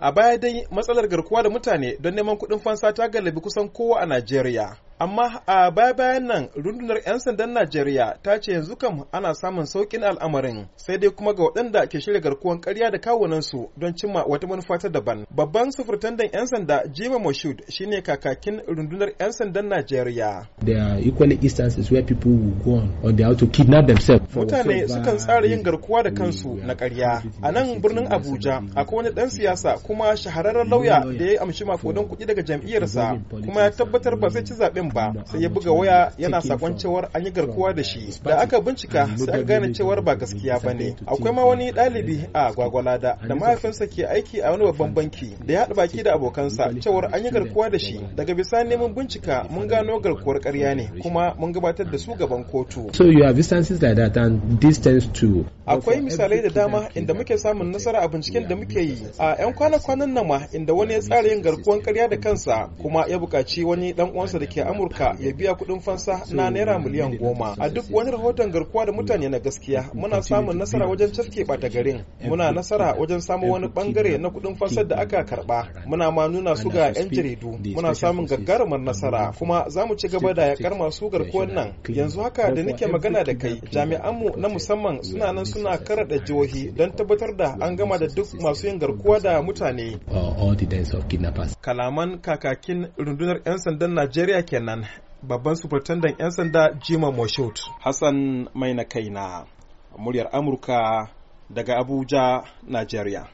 A baya dai matsalar garkuwa da mutane don neman kuɗin fansa ta gallabi kusan kowa a Najeriya. amma a baya bayan nan rundunar 'yan sandan najeriya ta ce yanzu kam ana samun saukin al'amarin sai dai kuma ga waɗanda ke shirya garkuwan karya da kawunansu don cimma wata manufa ta daban babban sufurtandan 'yan sanda jima moshud shine kakakin rundunar 'yan sandan najeriya mutane sukan tsara yin garkuwa da kansu na karya a nan birnin abuja akwai wani ɗan siyasa kuma shahararren lauya da ya amshi makudan kuɗi daga jam'iyyarsa kuma ya tabbatar ba zai ci zaɓen ba sai ya buga waya yana sakon cewar an yi garkuwa da shi da aka bincika sai aka gane cewar ba gaskiya ba ne akwai ma wani ɗalibi a gwagwalada da mahaifinsa ke aiki a wani babban banki da ya haɗa baki da abokansa cewar an yi garkuwa da shi daga bisa neman bincika mun gano garkuwar ƙarya ne kuma mun gabatar da su gaban kotu. So you have instances like that and this tends akwai misalai da dama inda muke samun nasara a binciken da muke yi a 'yan kwana-kwanan nama inda wani ya tsara yin garkuwan karya da kansa kuma ya buƙaci wani dan uwansa da ke amurka ya biya kuɗin fansa na naira miliyan goma a duk wani rahoton garkuwa da mutane na gaskiya muna samun nasara wajen cafke ɓata garin muna nasara wajen samun wani ɓangare na kuɗin fansar da aka karɓa muna ma nuna su ga 'yan jaridu muna samun gagarumar nasara kuma za mu ci gaba da yakar masu garkuwan nan yanzu haka da nake magana da kai jami'anmu na musamman suna nan suna karaɗa jihohi don tabbatar da an gama da duk masu yin garkuwa da mutane. Kalaman kakakin rundunar 'yan sandan Najeriya kenan babban sufurtandan 'yan sanda Jima Moshot. Hassan Maina Kaina, muryar Amurka daga Abuja, Najeriya.